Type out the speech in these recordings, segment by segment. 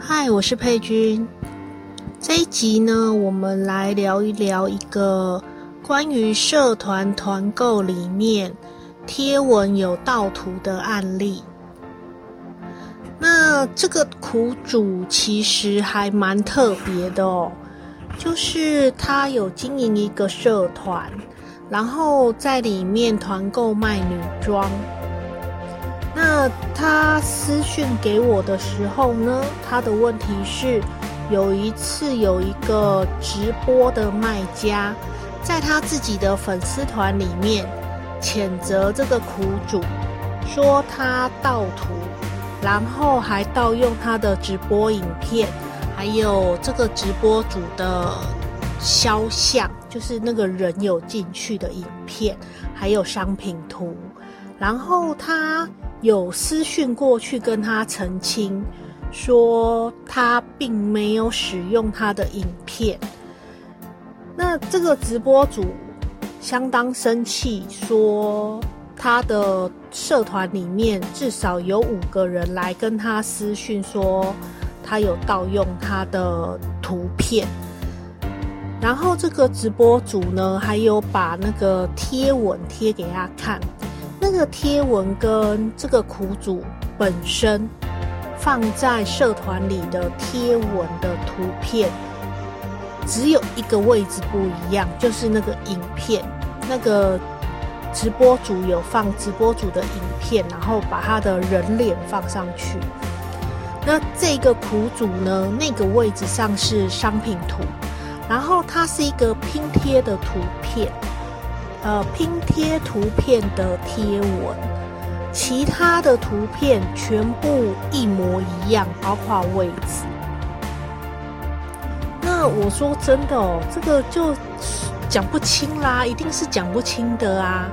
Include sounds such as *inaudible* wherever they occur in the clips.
嗨，Hi, 我是佩君。這一集呢，我們來聊一聊一個關於社團團購裡面貼文有盜圖的案例。那這個苦主其實還蠻特別的哦，就是他有經營一個社團，然後在裡面團購賣女裝。那他私訊給我的時候呢，他的問題是，有一次有一個直播的賣家，在他自己的粉絲團裡面譴責這個苦主，說他盜圖，然後還盜用他的直播影片，還有這個直播主的肖像，就是那個人有進去的影片，還有商品圖，然後他。有私訊過去跟他澄清，說他並沒有使用他的影片。那這個直播主相當生氣，說他的社團裡面至少有五個人來跟他私訊說他有盜用他的圖片。然後這個直播主呢，還有把那個貼文貼給他看。這個貼文跟這個苦主本身放在社團裡的貼文的圖片，只有一個位置不一樣，就是那個影片。那個直播主有放直播主的影片，然後把他的人臉放上去。那這個苦主呢，那個位置上是商品圖，然後它是一個拼貼的圖片。呃，拼貼圖片的貼文，其他的圖片全部一模一樣，包括位置。那我說真的哦，這個就講不清啦，一定是講不清的啊。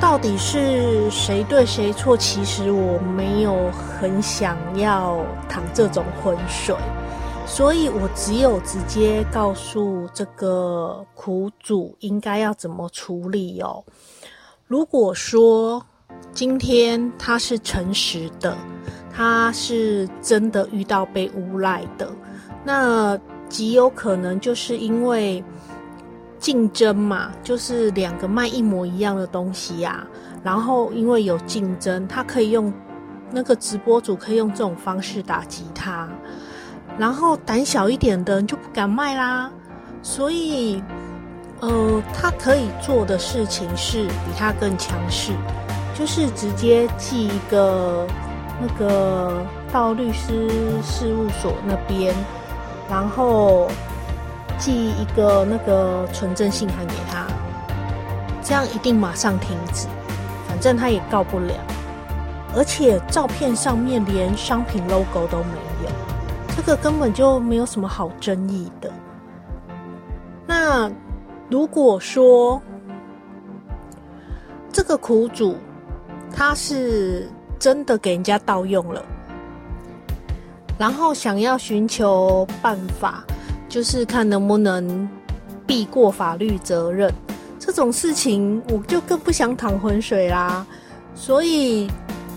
到底是誰對誰錯？其實我沒有很想要淌這種渾水。所以我只有直接告訴這個苦主應該要怎麼處理哦。如果說今天他是誠實的，他是真的遇到被誣賴的，那極有可能就是因為競爭嘛，就是兩個賣一模一樣的東西呀，啊，然後因為有競爭，他可以用那個直播主可以用這種方式打擊他。然後膽小一點的你就不敢賣啦，所以，呃，他可以做的事情是比他更強勢，就是直接寄一個那個到律師事務所那邊，然後寄一個那個存證信函給他，這樣一定馬上停止。反正他也告不了，而且照片上面連商品 logo 都沒有。這個根本就沒有什麼好爭議的。那如果說這個苦主他是真的給人家盜用了，然後想要尋求辦法，就是看能不能避過法律責任，這種事情我就更不想淌渾水啦。所以。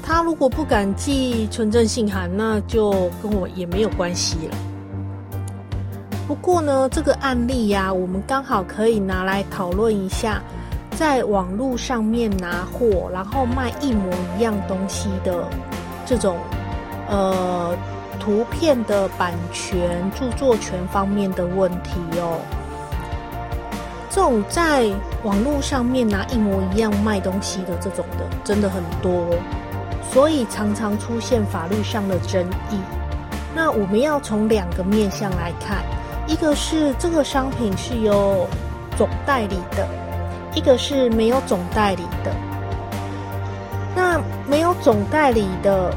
他如果不敢寄存證信函，那就跟我也沒有關係了。不過呢，這個案例呀、啊，我們剛好可以拿來討論一下，在網絡上面拿貨，然後賣一模一樣東西的這種呃圖片的版權、著作權方面的問題哦。這種在網絡上面拿一模一樣賣東西的這種的，真的很多。所以常常出現法律上的爭議。那我們要從兩個面向來看，一個是這個商品是由總代理的，一個是沒有總代理的。那沒有總代理的，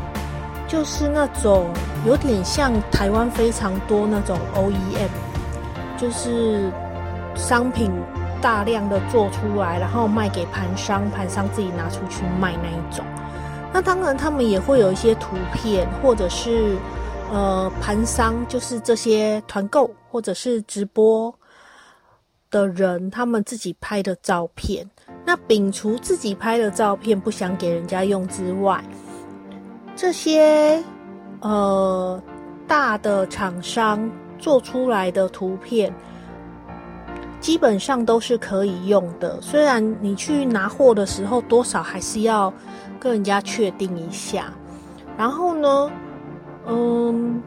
就是那種有點像台灣非常多那種 OEM，就是商品大量的做出來，然後賣給盤商，盤商自己拿出去賣那一種。那當然，他們也會有一些圖片，或者是呃，盤商就是這些團購或者是直播的人，他們自己拍的照片。那摒除自己拍的照片不想給人家用之外，這些呃大的廠商做出來的圖片。基本上都是可以用的，雖然你去拿貨的時候，多少還是要跟人家確定一下。然後呢，嗯，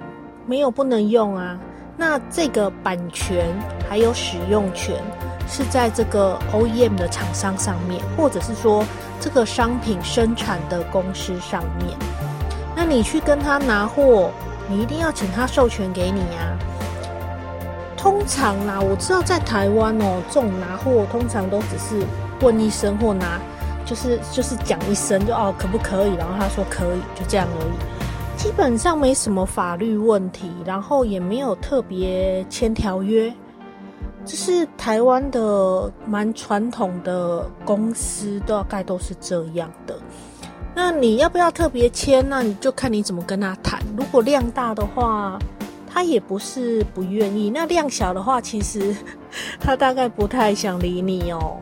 沒有不能用啊。那這個版權還有使用權是在這個 OEM 的廠商上面，或者是說這個商品生產的公司上面。那你去跟他拿貨，你一定要請他授權給你呀、啊。通常啦、啊，我知道在台灣哦，這種拿貨通常都只是問一聲或拿，就是就是講一聲就哦可不可以，然後他說可以，就這樣而已，基本上沒什麼法律問題，然後也沒有特別簽條約，就是台灣的蠻傳統的公司大概都是這樣的。那你要不要特別簽、啊？那你就看你怎麼跟他談。如果量大的話。他也不是不願意，那量小的話，其實他大概不太想理你哦。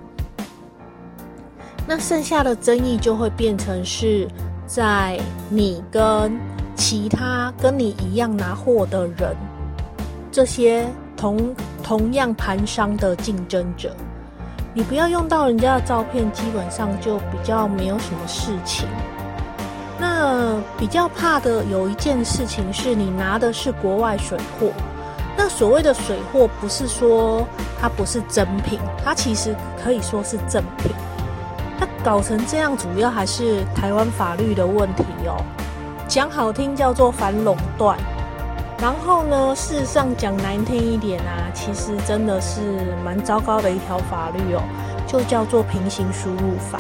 那剩下的爭議就會變成是在你跟其他跟你一樣拿貨的人，這些同同樣盤商的競爭者，你不要用到人家的照片，基本上就比較沒有什麼事情。呃、嗯，比較怕的有一件事情是，你拿的是國外水貨。那所謂的水貨，不是說它不是真品，它其實可以說是正品。那搞成這樣，主要還是台灣法律的問題哦。講好聽叫做反壟斷，然後呢，事實上講難聽一點啊，其實真的是蠻糟糕的一條法律哦，就叫做平行輸入法。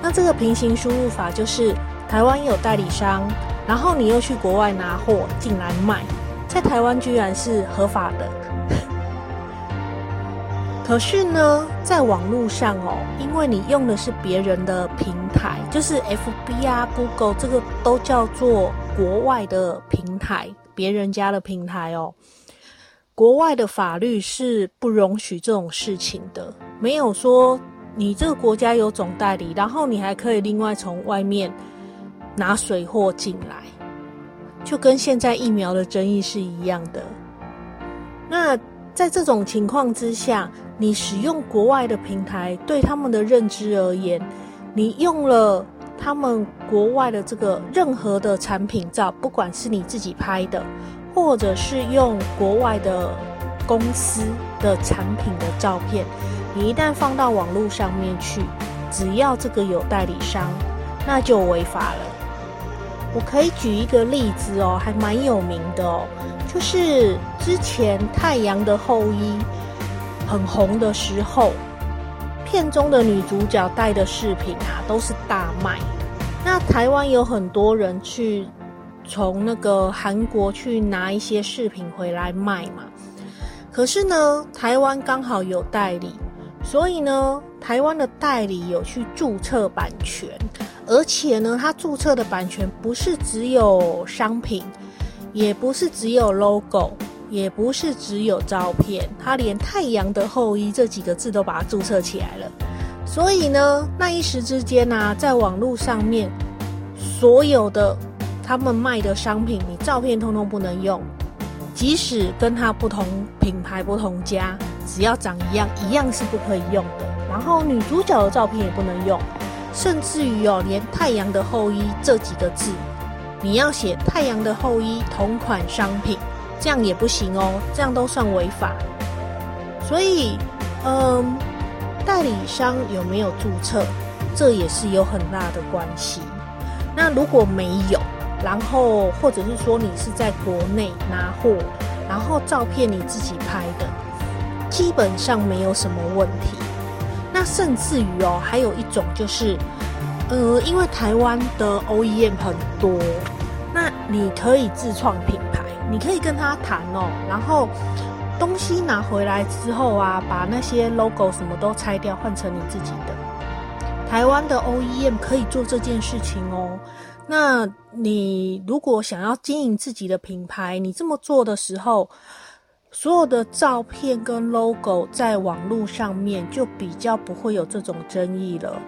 那這個平行輸入法就是。台灣有代理商，然後你又去國外拿貨進來賣，在台灣居然是合法的。 *laughs* 可是呢，在網絡上哦，因為你用的是別人的平台，就是 FB 啊、Google，這個都叫做國外的平台，別人家的平台哦。國外的法律是不容許這種事情的，沒有說你這個國家有總代理，然後你還可以另外從外面。拿水貨進來，就跟現在疫苗的爭議是一樣的。那在這種情況之下，你使用國外的平台，對他們的認知而言，你用了他們國外的這個任何的產品照，不管是你自己拍的，或者是用國外的公司的產品的照片，你一旦放到網絡上面去，只要這個有代理商，那就違法了。我可以舉一個例子哦，還蠻有名的哦，就是之前《太陽的後裔》很紅的時候，片中的女主角戴的飾品啊，都是大賣。那台灣有很多人去從那個韓國去拿一些飾品回來賣嘛，可是呢，台灣剛好有代理，所以呢，台灣的代理有去註冊版權。而且呢，他註冊的版權不是只有商品，也不是只有 logo，也不是只有照片，他連“太陽的後裔”這幾個字都把它註冊起來了。所以呢，那一時之間呢，啊，在網絡上面所有的他們賣的商品，你照片通通不能用，即使跟他不同品牌、不同家，只要長一樣，一樣是不可以用的。然後女主角的照片也不能用。甚至於哦，連“太陽的後裔”這幾個字，你要寫“太陽的後裔”同款商品，這樣也不行哦，這樣都算違法。所以，嗯、呃，代理商，有沒有註冊，這也是有很大的關係。那如果沒有，然後或者是說你是在國內拿貨，然後照片你自己拍的，基本上沒有什麼問題。那甚至於哦，還有一種就是，呃，因為台灣的 OEM 很多，那你可以自創品牌，你可以跟他談哦，然後東西拿回來之後啊，把那些 logo 什麼都拆掉，換成你自己的。台灣的 OEM 可以做這件事情哦。那你如果想要經營自己的品牌，你這麼做的時候，所有的照片跟 logo 在網絡上面，就比較不會有這種爭議了。